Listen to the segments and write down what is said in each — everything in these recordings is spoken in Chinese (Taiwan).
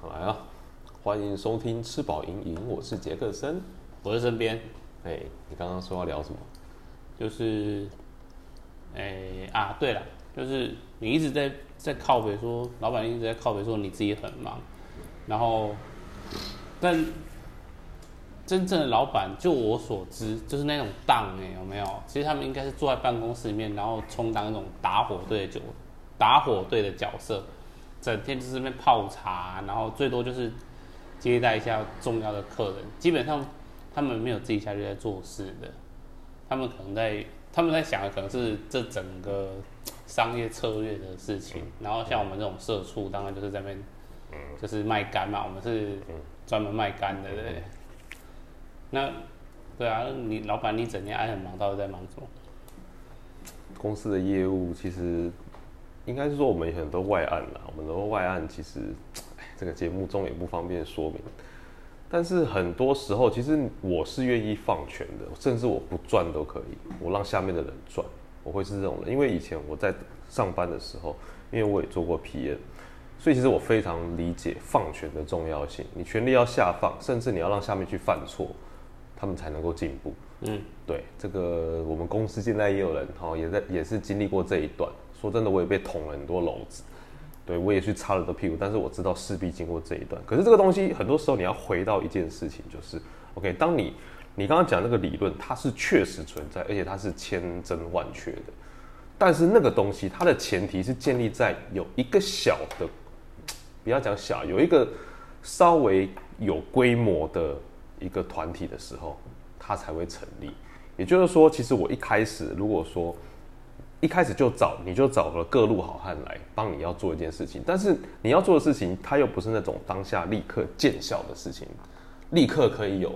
好來啊、喔！歡迎收聽《吃飽盈盈》，我是杰克森，我是森編。哎、欸，你剛剛說要聊什麼？就是，哎、欸、啊，對了，就是你一直在在靠北說，老闆一直在靠北說你自己很忙，然後，但真正的老闆，就我所知，就是那種當哎、欸，有沒有？其實他們應該是坐在辦公室裡面，然後充當那種打火隊的酒，打火隊的角色。整天就是在那邊泡茶，然後最多就是接待一下重要的客人。基本上他們沒有自己下去在做事的，他們可能在，他們在想的可能是這整個商業策略的事情。然後像我們這種社畜，當然就是在那邊，就是賣肝嘛，我們是專門賣肝的。對，那對啊，你老闆你整天還很忙，到底在忙什麼？公司的業務其實。應該是說我們有很多外案啦，我們的外案其實，哎，這個節目中也不方便說明。但是很多時候，其實我是願意放權的，甚至我不賺都可以，我讓下面的人賺，我會是這種人。因為以前我在上班的時候，因為我也做過 PM，所以其實我非常理解放權的重要性。你權力要下放，甚至你要讓下面去犯錯，他們才能夠進步。嗯，對，這個我們公司現在也有人哈，也在也是經歷過這一段。說真的，我也被捅了很多簍子，對，我也去擦了很多屁股，但是我知道勢必經過這一段。可是這個東西很多時候你要回到一件事情，就是 OK，當你你剛剛講那個理論，它是確實存在，而且它是千真萬確的。但是那個東西它的前提是建立在有一個小的，不要講小，有一個稍微有規模的一個團體的時候，它才會成立。也就是說，其實我一開始如果說。一開始就找你就找了各路好漢來幫你要做一件事情，但是你要做的事情，它又不是那種當下立刻見效的事情，立刻可以有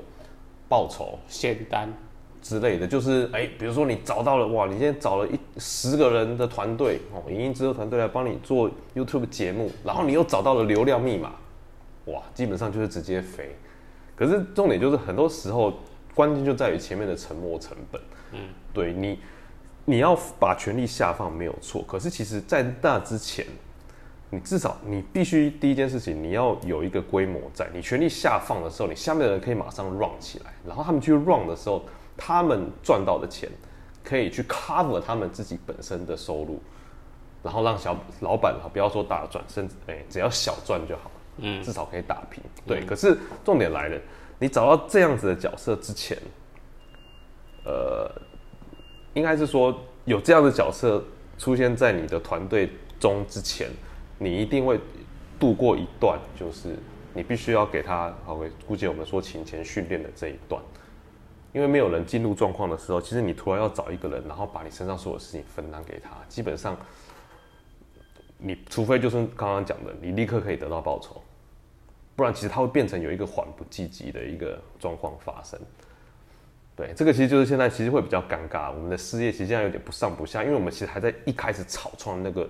報酬、仙丹之類的。就是哎、欸，比如說你找到了哇，你今天找了一十個人的團隊哦，影音制作團隊來幫你做 YouTube 節目，然後你又找到了流量密碼，哇，基本上就是直接飛。可是重點就是很多時候關鍵就在於前面的沉沒成本。嗯，對你。你要把權力下放沒有錯，可是其實在那之前，你至少你必須第一件事情，你要有一個規模在。你權力下放的時候，你下面的人可以馬上 run 起來，然後他們去 run 的時候，他們賺到的錢可以去 cover 他們自己本身的收入，然後讓小老闆哈，不要說大賺，甚至誒、欸、只要小賺就好，嗯，至少可以打平。對、嗯，可是重點來了，你找到這樣子的角色之前，呃。應該是說，有這樣的角色出現在你的團隊中之前，你一定會度過一段，就是你必須要給他。OK，估計我們說勤前訓練的這一段，因為沒有人進入狀況的時候，其實你突然要找一個人，然後把你身上所有事情分擔給他，基本上，你除非就是剛剛講的，你立刻可以得到報酬，不然其實他會變成有一個緩不濟急的一個狀況發生。對，這個其實就是現在其實會比較尷尬，我們的事業其實現在有點不上不下，因為我們其實還在一開始草創那個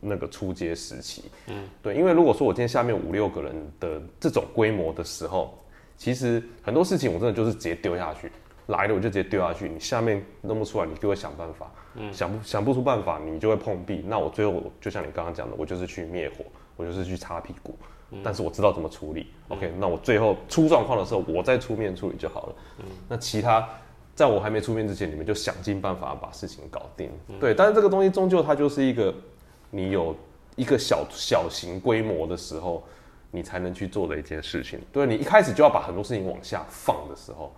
那個初階時期。嗯，對，因為如果說我今天下面五六個人的這種規模的時候，其實很多事情我真的就是直接丟下去，來了我就直接丟下去。你下面弄不出來，你就會想辦法，嗯、想不想不出辦法，你就會碰壁。那我最後就像你剛剛講的，我就是去滅火，我就是去擦屁股。但是我知道怎麼處理，嗯，OK，那我最後出狀況的時候，我再出面處理就好了，嗯。那其他，在我還沒出面之前，你們就想盡辦法把事情搞定，嗯。對，但是這個東西終究它就是一個你有一個小小型規模的時候，你才能去做的一件事情。對，你一開始就要把很多事情往下放的時候，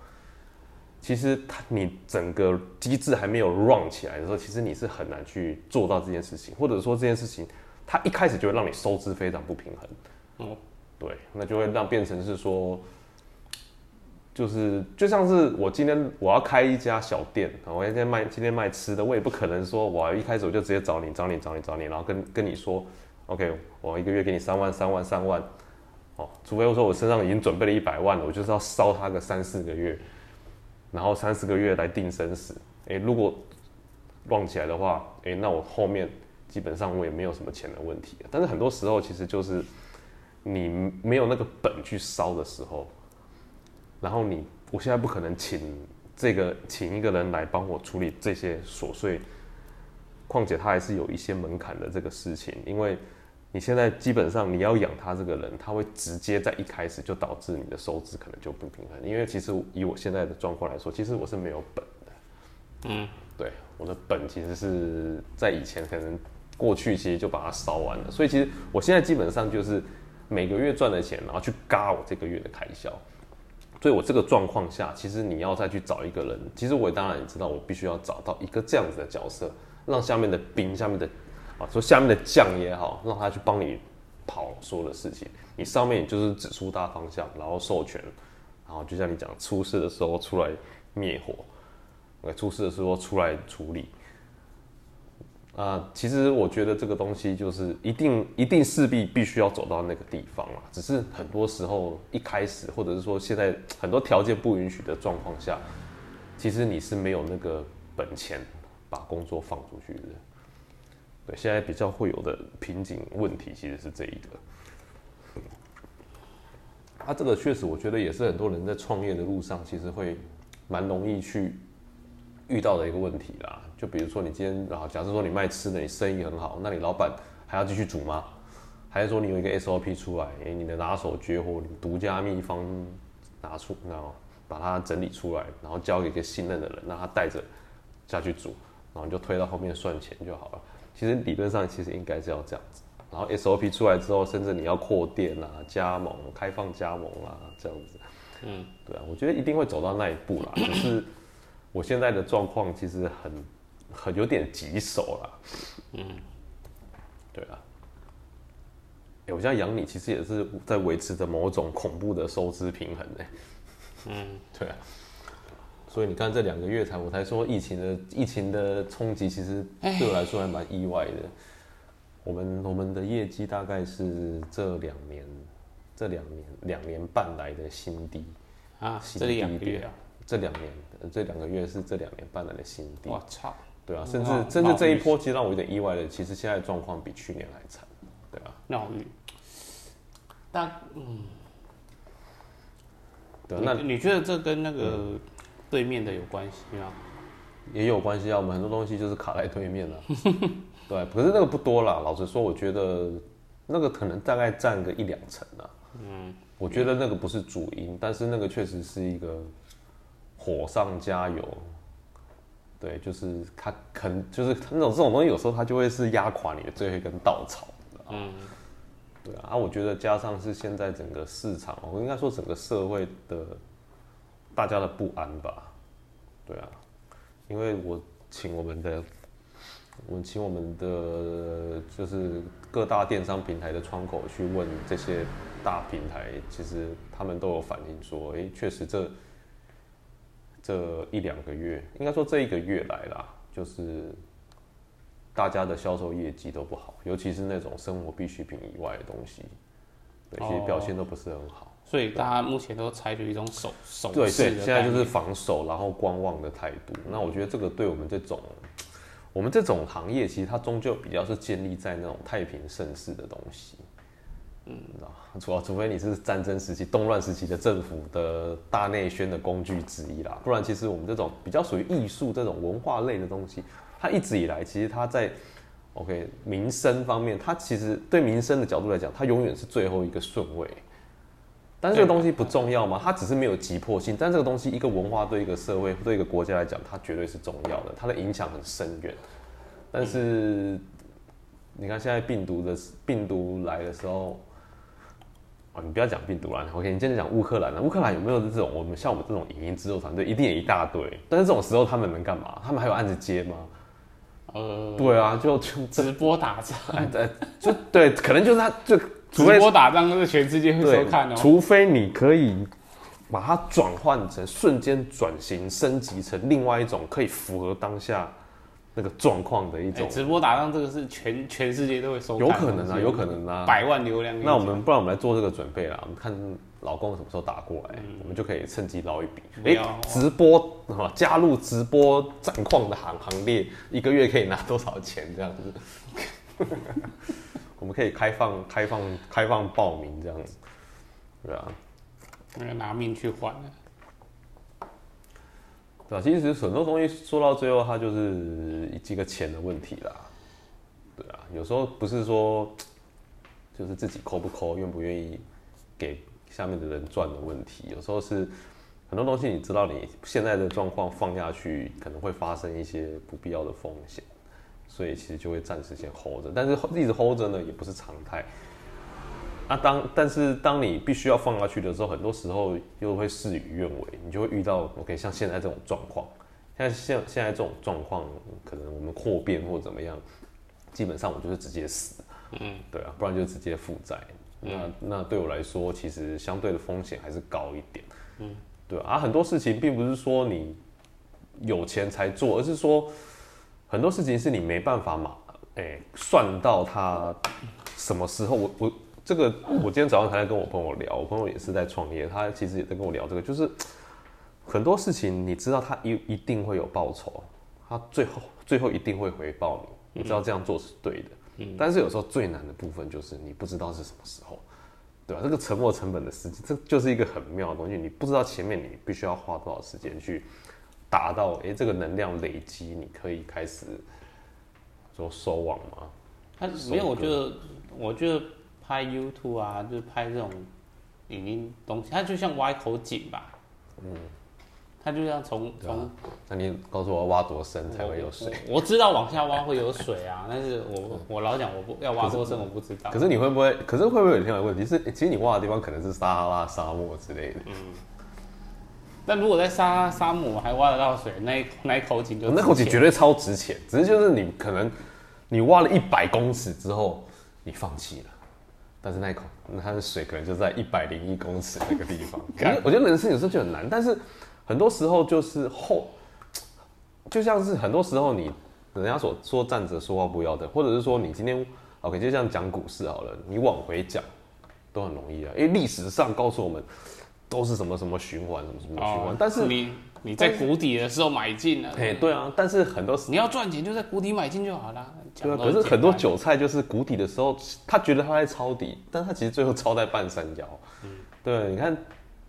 其實它你整個機制還沒有 run 起來的時候，其實你是很難去做到這件事情，或者說這件事情它一開始就會讓你收支非常不平衡。哦、嗯，對，那就會讓變成是說，就是就像是我今天我要開一家小店，我今天賣今天賣吃的，我也不可能說我一開始我就直接找你找你找你找你，然後跟跟你說，OK，我一個月給你三萬三萬三萬，哦，除非我說我身上已經準備了一百萬了，我就是要燒它個三四個月，然後三四個月來定生死。誒，如果旺起來的話，誒，那我後面基本上我也沒有什麼錢的問題。但是很多時候其實就是。你沒有那個本去燒的時候，然後你，我現在不可能請這個請一個人來幫我處理這些瑣碎，況且他還是有一些門檻的這個事情，因為你現在基本上你要養他這個人，他會直接在一開始就導致你的收支可能就不平衡，因為其實以我現在的狀況來說，其實我是沒有本的，嗯，對，我的本其實是在以前可能過去其實就把它燒完了，所以其實我現在基本上就是。每個月賺的錢，然後去嘎我這個月的開銷，所以我這個狀況下，其實你要再去找一個人，其實我當然也知道，我必須要找到一個這樣子的角色，讓下面的兵，下面的啊，說下面的將也好，讓他去幫你跑所有的事情，你上面就是指出大方向，然後授權，然後就像你講，出事的時候出來滅火，出事的時候出來處理。啊，其實我覺得這個東西就是一定一定勢必必須要走到那個地方啊，只是很多時候一開始，或者是說現在很多條件不允許的狀況下，其實你是沒有那個本錢把工作放出去的。對，現在比較會有的瓶頸問題其實是這一個。他、啊、這個確實我覺得也是很多人在創業的路上，其實會蠻容易去遇到的一個問題啦。就比如說，你今天啊，假設說你賣吃的，你生意很好，那你老板還要繼續煮嗎？還是說你有一個 SOP 出來，哎，你的拿手絕活、獨家秘方拿出，然後把它整理出來，然後交給一個信任的人，讓他帶着下去煮，然後你就推到後面算錢就好了。其實理論上其實應該是要這樣子。然後 SOP 出來之後，甚至你要擴店啊、加盟、開放加盟啊這樣子。嗯，對啊，我覺得一定會走到那一步啦。嗯、可是我現在的狀況其實很。很有點棘手啦，嗯，對啊，哎，我家養你，其實也是在維持着某種恐怖的收支平衡呢、欸，嗯，對啊，所以你看這兩個月才我才說疫情的疫情的衝擊，其實對我來說還蠻意外的。我們我們的業績大概是這兩年這兩年兩年半來的新低啊，新低低這兩個月啊，這兩年、呃、這兩個月是這兩年半來的新低，我操！對啊，甚至、嗯、甚至這一波其實讓我有點意外的，其實現在狀況比去年還慘，對啊，鬧劇，但嗯，對，那你，你覺得這跟那個對面的有關係嗎？嗯？也有關係啊，我們很多東西就是卡在對面了啊。 對，可是那個不多啦。老實說，我覺得那個可能大概佔個一兩成啊。嗯，我覺得那個不是主因，嗯，但是那個確實是一個火上加油。對，就是他肯，就是那種這種東西，有時候他就會是壓垮你的最後一根稻草。嗯，對啊，啊我覺得加上是現在整個市場，我應該說整個社會的大家的不安吧。對啊，因為我請我們的，我請我們的就是各大電商平台的窗口去問這些大平台，其實他們都有反映說，哎，確實這。這一兩個月，應該說這一個月來啦，就是大家的銷售業績都不好，尤其是那種生活必需品以外的東西，對，其實表現都不是很好。哦，所以大家目前都採取一種守守，對對，現在就是防守然後觀望的態度。那我覺得這個對我們這種我們這種行業，其實它終究比較是建立在那種太平盛世的東西。嗯啊，除除非你是戰爭時期、動亂時期的政府的大內宣的工具之一啦，不然其實我們這種比較屬於藝術這種文化類的東西，它一直以來其實它在，OK 民生方面，它其實對民生的角度來講，它永遠是最後一個順位。但是這個東西不重要嗎？它只是沒有急迫性。但這個東西，一個文化對一個社會、對一個國家來講，它絕對是重要的，它的影響很深遠。但是你看現在病毒的病毒來的時候。哦，你不要講病毒了，OK？你接着講烏克蘭了、啊。烏克蘭有沒有這種我們像我們這種影音制作團隊一定有一大堆，但是這種時候他們能幹嘛？他們還有案子接嗎？呃，對啊，就就直播打仗、哎，對，對，可能就是他就 直播打仗，都是全世界會收看哦、喔。除非你可以把它轉換成瞬間轉型升級成另外一種可以符合當下那個狀況的一種直播打仗，這個是全全世界都會收，有可能啊，有可能啊，百萬流量。那我們不然我們來做這個準備啦。我們看老公什麼時候打過來，我們就可以趁機撈一筆。哎、欸，直播加入直播戰況的行行列，一個月可以拿多少錢？這樣子， 我們可以開放、開放、開放報名，這樣子，對啊，那個拿命去換其實很多東西說到最後，它就是一個錢的問題啦。對啊，有時候不是說，就是自己摳不摳，願不願意給下面的人賺的問題。有時候是很多東西，你知道你現在的狀況放下去，可能會發生一些不必要的風險，所以其實就會暫時先 hold 着。但是一直 hold 着呢，也不是常態。那、啊、當但是當你必須要放下去的時候，很多時候又會事與願違，你就會遇到 OK 像現在這種狀況，像現現在這種狀況，可能我們擴編或怎麼樣，基本上我就是直接死，嗯，對啊，不然就直接負債、嗯。那那對我來說，其實相對的風險還是高一點，嗯、啊，對啊，很多事情並不是說你有錢才做，而是說很多事情是你沒辦法嘛，哎、欸，算到它什麼時候，我我。這個我今天早上還在跟我朋友聊，我朋友也是在創業，他其實也在跟我聊這個，就是很多事情你知道他一一定會有報酬，他最後最後一定會回報你，你知道這樣做是對的、嗯嗯，但是有時候最難的部分就是你不知道是什麼時候，對吧、啊？這個沉沒成本的時間，這就是一個很妙的東西，你不知道前面你必須要花多少時間去達到，哎、欸，這個能量累積你可以開始說收網嗎？他、啊、沒有，我覺得我覺得。拍 YouTube 啊，就是拍這種影音東西，它就像挖一口井吧。嗯，它就像從從、啊，那你告訴我要挖多深才會有水？我我，我知道往下挖會有水啊， 但是我我老講我不要挖多深，我不知道。可是你會不會？可是會不會有一個問題，是其實你挖的地方可能是撒哈拉沙漠之類的。嗯。但如果在沙沙漠還挖得到水，那一那一口井就那口井絕對超值錢。只是就是你可能你挖了一百公尺之後，你放棄了。但是那一口，那它的水可能就在一百零一公尺那個地方。我覺得人生有時候就很難，但是很多時候就是後，就像是很多時候你人家所說站着說話不腰疼，或者是說你今天 OK 就這樣講股市好了，你往回講都很容易啊，因為歷史上告訴我們都是什麼什麼循環，什麼什麼循環，哦，但是。你你在谷底的時候買進了，哎，對啊，但是很多你要賺錢就在谷底買進就好了。對啊，可是很多韭菜就是谷底的時候，他覺得他在抄底，但他其實最後抄在半山腰。嗯，對，你看，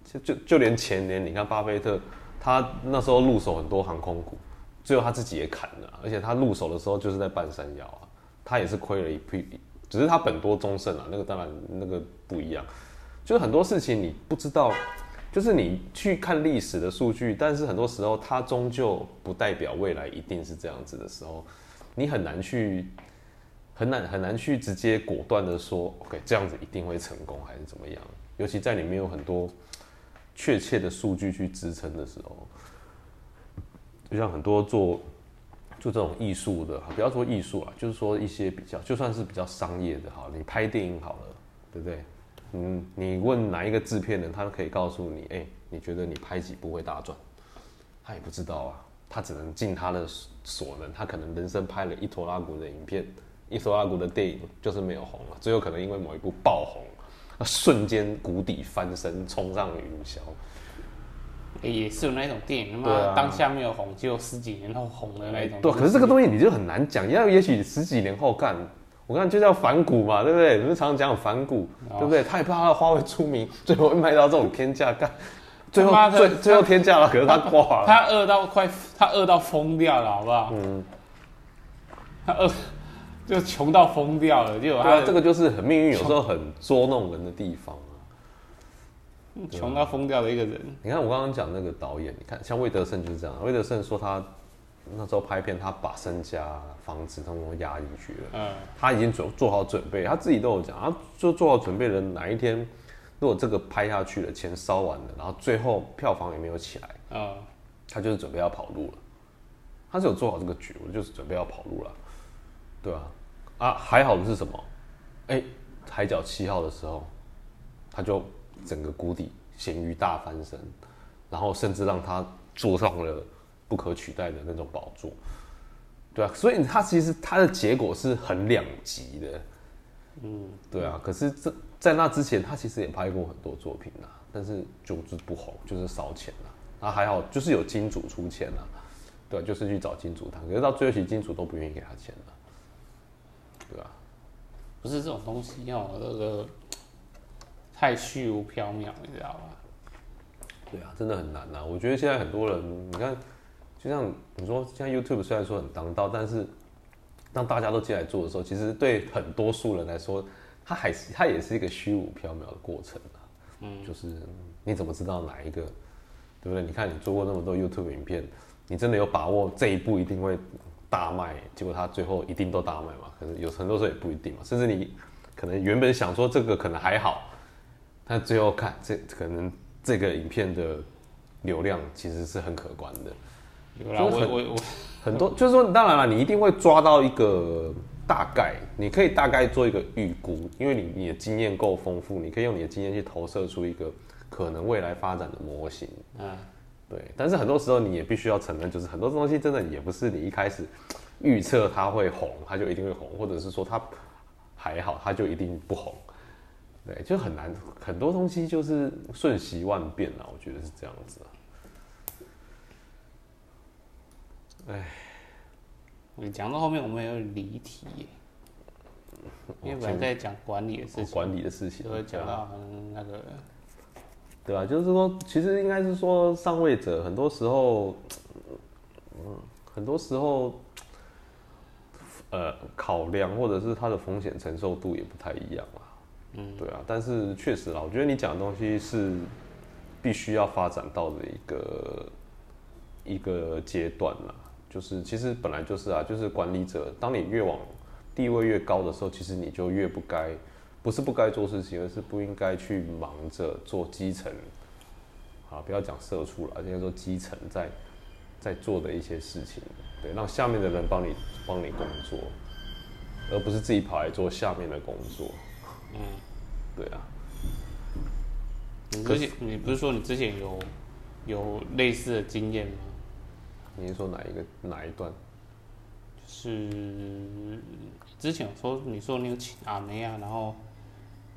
就就就連前年，你看巴菲特，他那時候入手很多航空股，最後他自己也砍了，而且他入手的時候就是在半山腰啊，他也是虧了一筆，只是他本多終勝啊，那個當然那個不一樣，就是很多事情你不知道。就是你去看歷史的數據，但是很多時候它終究不代表未來一定是這樣子的時候，你很難去很難很難去直接果斷的說 OK 這樣子一定會成功還是怎麼樣？尤其在裡面有很多確切的數據去支撐的時候，就像很多做做這種藝術的，不要說藝術啊，就是說一些比較就算是比較商業的哈，你拍電影好了，對不對？嗯、你問哪一個製片人，他可以告訴你，哎、欸，你覺得你拍幾部會大賺？他也不知道啊，他只能盡他的所能。他可能人生拍了一坨拉古的影片，一坨拉古的電影就是沒有紅了。最後可能因為某一部爆紅，那瞬間谷底翻身衝雲，衝上了雲霄。也是有那種電影，他、啊、當下沒有紅，只有十幾年後紅的那種。對，可是這個東西你就很難講，要也許十幾年後看。我看就叫反骨嘛，對不對？你們常常講反骨，對不對？他也怕他的畫會出名，最後會賣到這種天價，幹，最後媽媽他最最後天價了，可是他掛了，他餓到快，他餓到瘋掉了，好不好？嗯，他餓就窮到瘋掉了，就他對、啊、這個就是很命運，有時候很捉弄人的地方窮到瘋掉的一個人、啊，你看我剛剛講那個導演，你看像魏德聖就是這樣，魏德聖說他。那時候拍片，他把身家、房子都都壓進去了。他已經準做好準備，他自己都有講啊，做做好準備的哪一天，如果這個拍下去了，錢燒完了，然後最後票房也沒有起來，他就是準備要跑路了。他是有做好這個局，就是準備要跑路了，對吧？啊，啊，還好的是什麼？哎，《海角七號》的時候，他就整個谷底鹹魚大翻身，然後甚至讓他坐上了。不可取代的那種寶座，對啊，所以他其實他的結果是很兩極的，嗯，對啊，可是這在那之前，他其實也拍過很多作品啊，但是久之不紅，就是燒錢了，那還好就是有金主出錢了，對啊，就是去找金主談，可是到最後，其實金主都不願意給他錢了，對啊。不是這種東西哦，這個太虛無縹緲，你知道吧？對啊，真的很難啊。我覺得現在很多人，你看。就像你說，現在 YouTube 雖然說很當道，但是當大家都進來做的時候，其實對很多素人來說，它還是它也是一個虛無縹緲的過程啊。嗯，就是你怎麼知道哪一個，對不對？你看你做過那麼多 YouTube 影片，你真的有把握這一部一定會大賣？結果它最後一定都大賣嗎？可是有很多時候也不一定嘛。甚至你可能原本想說這個可能還好，但最後看這可能這個影片的流量其實是很可觀的。有我我我很多，就是說，當然了，你一定會抓到一個大概，你可以大概做一個預估，因為你你的經驗夠豐富，你可以用你的經驗去投射出一個可能未來發展的模型。嗯，對。但是很多時候你也必須要承認，就是很多東西真的也不是你一開始預測它會紅，它就一定會紅，或者是說它還好，它就一定不紅。對，就很難，很多東西就是瞬息萬變啊，我覺得是這樣子唉，你講到後面我們也有離題，因為本來在講管理的事情，管理的事情、啊，都會講到那個，對吧、啊？就是說，其實應該是說，上位者很多時候、嗯，很多時候，呃，考量或者是他的風險承受度也不太一樣、啊、嗯，對啊。但是確實啦，我覺得你講的東西是必須要發展到的一個一個階段了。就是，其實本來就是啊，就是管理者，當你越往地位越高的時候，其實你就越不該，不是不該做事情，而是不應該去忙着做基層，啊，不要講社畜了，而且要做基層在在做的一些事情，對，讓下面的人幫你幫你工作，而不是自己跑來做下面的工作，嗯，對啊，而且你不是說你之前有有類似的經驗嗎？你是說哪一個哪一段？就是之前說，你說你有請阿梅亞，然後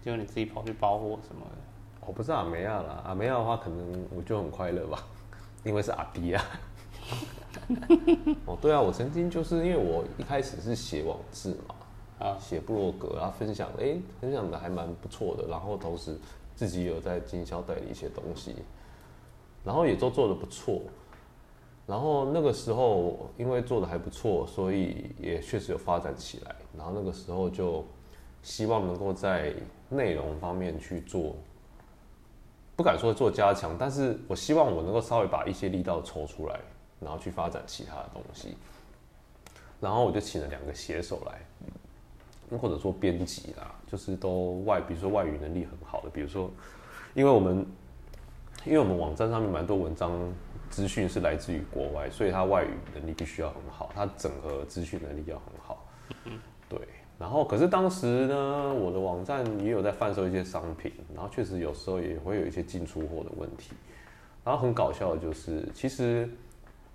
就你自己跑去包貨什麼的。我、哦、不是阿梅亞啦，阿梅亞的話，可能我就很快樂吧，因為是阿迪啊。 哦，對啊，我曾經就是因為我一開始是寫網志嘛，啊，寫部落格啊，分享，哎、欸，分享的還蠻不錯的，然後同時自己有在經銷代理一些東西，然後也都做得不錯。然後那個時候，因為做的還不錯，所以也確實有發展起來。然後那個時候就，希望能夠在內容方面去做，不敢說做加強，但是我希望我能夠稍微把一些力道抽出來，然後去發展其他的東西。然後我就請了兩個寫手來，或者做編輯啦、啊，就是都外，比如說外語能力很好的，比如說，因為我們，因為我們網站上面蠻多文章。資訊是來自於國外，所以他外語能力必須要很好，他整合資訊能力要很好。嗯對，然後可是當時呢，我的網站也有在販售一些商品，然後確實有時候也會有一些進出貨的問題。然後很搞笑的就是，其實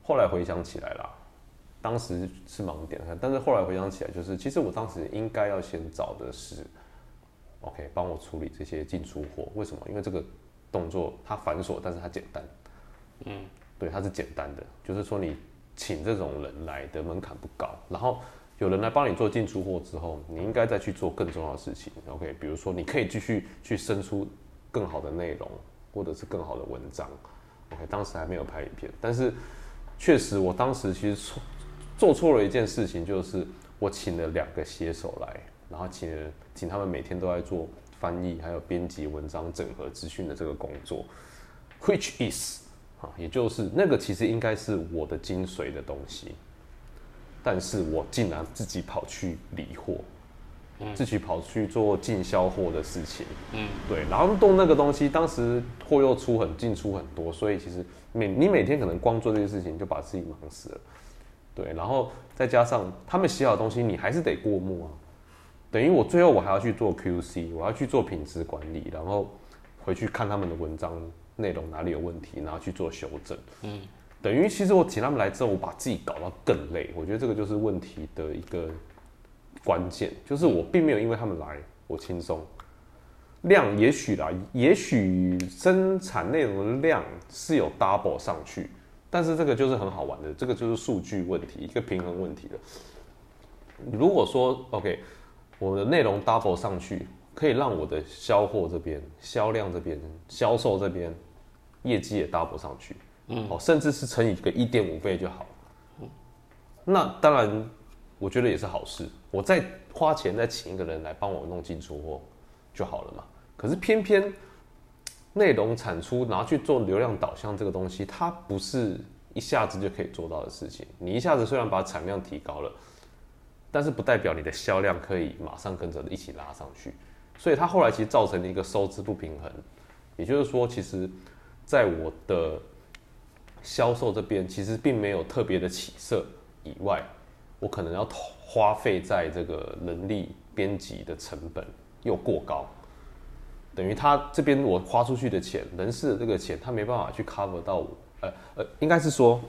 後來回想起來啦，當時是盲點，但是後來回想起來，就是其實我當時應該要先找的是，OK，幫我處理這些進出貨。為什麼？因為這個動作它繁瑣，但是它簡單。嗯。對，它是簡單的，就是說你請這種人來的門檻不高，然後有人來幫你做進出貨之後，你應該再去做更重要的事情。OK，比如說你可以繼續去生出更好的內容，或者是更好的文章。OK，當時還沒有拍影片，但是確實我當時其實錯做，做錯了一件事情，就是我請了兩個寫手來，然後請了請他們每天都在做翻譯，還有編輯文章、整合資訊的這個工作，Which is 也就是那個其實應該是我的精髓的東西，但是我竟然自己跑去理貨、嗯，自己跑去做進銷貨的事情，嗯，對，然後動那個東西，當時貨又出很進出很多，所以其實每你每天可能光做這些事情就把自己忙死了，對，然後再加上他們寫好的東西，你還是得過目啊，等於我最後我還要去做 QC，我要去做品質管理，然後回去看他們的文章。內容哪裡有問題，然後去做修正。嗯，等於其實我請他們來之後，我把自己搞到更累。我覺得這個就是問題的一個關鍵，就是我並沒有因為他們來，我輕鬆。量也許啦，也許生產內容的量是有 double 上去，但是這個就是很好玩的，這個就是數據問題，一個平衡問題的。如果說 OK，我的內容 double 上去，可以讓我的銷貨這邊、銷量這邊、銷售這邊，業績也搭不上去，嗯，哦，甚至是乘以個一點五倍就好，嗯，那當然，我覺得也是好事。我再花錢再請一個人來幫我弄進出貨就好了嘛。可是偏偏內容產出拿去做流量導向這個東西，它不是一下子就可以做到的事情。你一下子雖然把產量提高了，但是不代表你的銷量可以馬上跟着一起拉上去。所以它後來其實造成了一個收支不平衡。也就是說，其實。在我的銷售這邊，其實並沒有特別的起色。以外，我可能要花費在這個人力編輯的成本又過高，等於他這邊我花出去的錢，人事的這個錢，他沒辦法去 cover 到我。呃呃，應該是說，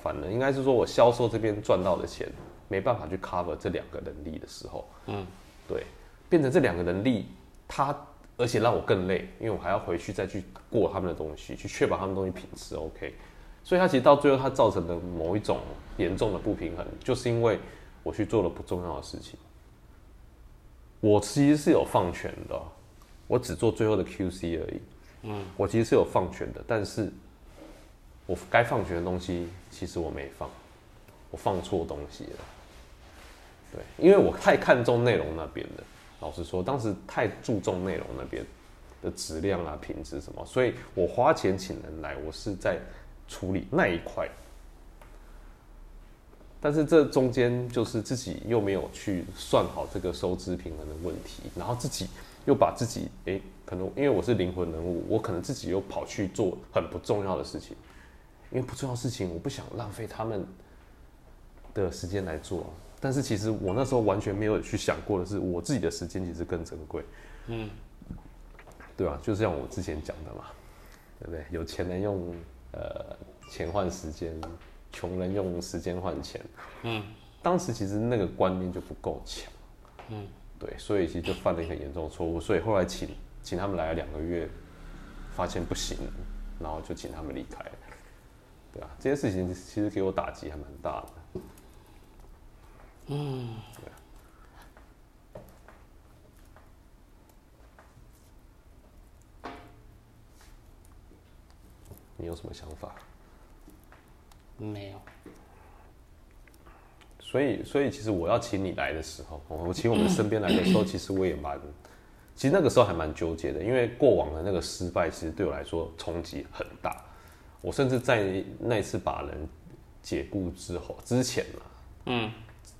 反正應該是說我銷售這邊賺到的錢，沒辦法去 cover 這兩個人力的時候，嗯，對，變成這兩個人力，他。而且讓我更累，因為我還要回去再去過他們的東西，去確保他們東西品質 OK。所以它其實到最後，它造成的某一種嚴重的不平衡，就是因為我去做了不重要的事情。我其實是有放權的，我只做最後的 QC 而已。嗯，我其實是有放權的，但是我該放權的東西，其實我沒放，我放錯東西了。對，因為我太看重內容那邊了。老實說，當時太注重內容那邊的質量啊、品質什麼，所以我花錢請人來，我是在處理那一塊。但是這中間就是自己又沒有去算好這個收支平衡的問題，然後自己又把自己欸，可能因為我是靈魂人物，我可能自己又跑去做很不重要的事情，因為不重要的事情我不想浪費他們的時間來做。但是其實我那時候完全沒有去想過的是，我自己的時間其實更珍貴，嗯，對啊，就像我之前講的嘛，對不對？有錢人用呃錢換時間，窮人用時間換錢，嗯，當時其實那個觀念就不夠強，嗯，對，所以其實就犯了一個嚴重的錯誤，所以後來請請他們來了兩個月，發現不行，然後就請他們離開，對啊，這些事情其實給我打擊還蠻大的。嗯。你有什麼想法？沒有。所以，所以其實我要請你來的時候，我請我們身邊來的時候，其實我也蠻，其實那個時候還蠻糾結的，因為過往的那個失敗，其實對我來說衝擊很大。我甚至在那次把人解雇之後，之前嘛，嗯。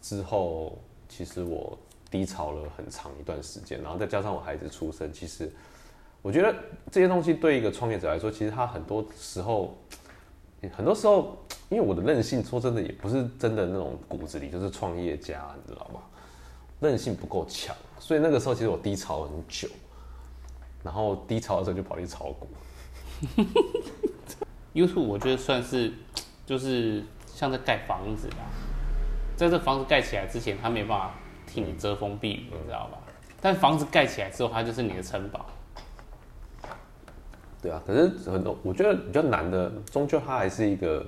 之後，其實我低潮了很長一段時間，然後再加上我孩子出生，其實我覺得這些東西對一個創業者來說，其實他很多時候，欸、很多時候，因為我的韌性，說真的，也不是真的那種骨子裡就是創業家，你知道嗎？韌性不夠強，所以那個時候其實我低潮很久，然後低潮的時候就跑去炒股。 YouTube 我覺得算是就是像在蓋房子吧，啊。在這房子蓋起來之前，它沒辦法替你遮風避雨，嗯，你知道吧？但房子蓋起來之後，它就是你的城堡。對啊，可是很多我覺得比較難的，終究它還是一個，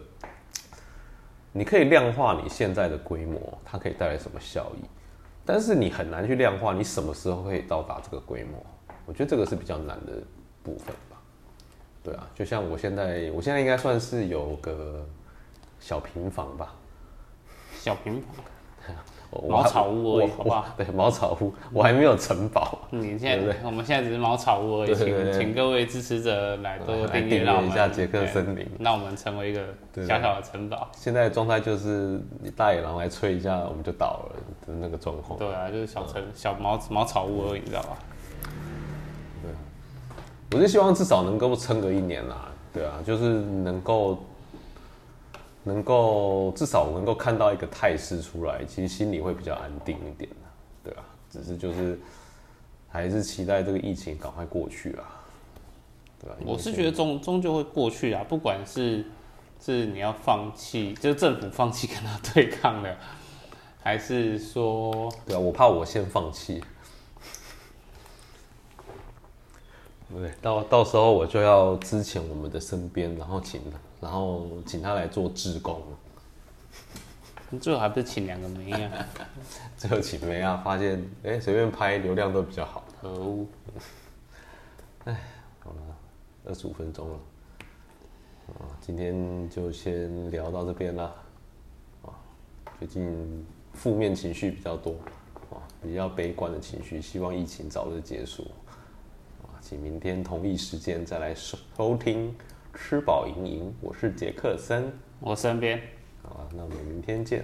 你可以量化你現在的規模，它可以帶來什麼效益，但是你很難去量化你什麼時候可以到達這個規模。我覺得這個是比較難的部分吧。對啊，就像我現在，我現在應該算是有個小平房吧。小平房，茅草屋而已，好吧？對，茅草屋，我還沒有城堡。嗯、你現在，我們現在只是茅草屋而已，對對對請請各位支持者來多訂閱一下杰克森林，讓我們成為一個小小的城堡。現在的狀態就是，大野狼來吹一下，我們就倒了的、就是、那個狀況。對啊，就是小城、嗯、小茅茅草屋而已，你知道吧？對我就希望至少能夠撐個一年啦。對啊，就是能夠。能夠至少我能夠看到一個態勢出來，其實心裡會比較安定一點對吧、啊？只是就是還是期待這個疫情趕快過去啊，對吧、啊？我是覺得終終究會過去啊，不管是是你要放棄，就是政府放棄跟他對抗了，還是說對啊，我怕我先放棄。對，到到時候我就要支前我們的身邊，然後請，然後請他來做志工。最後還不是請兩個妹啊， 最後請妹啊，發現哎，隨便拍流量都比較好。哦，哎，好了，二十五分鐘了，今天就先聊到這邊啦。最近負面情緒比較多，比較悲觀的情緒，希望疫情早日結束。你明天同一時間再來收收聽，吃飽盈盈。我是傑克森，我森編。好吧，那我們明天見。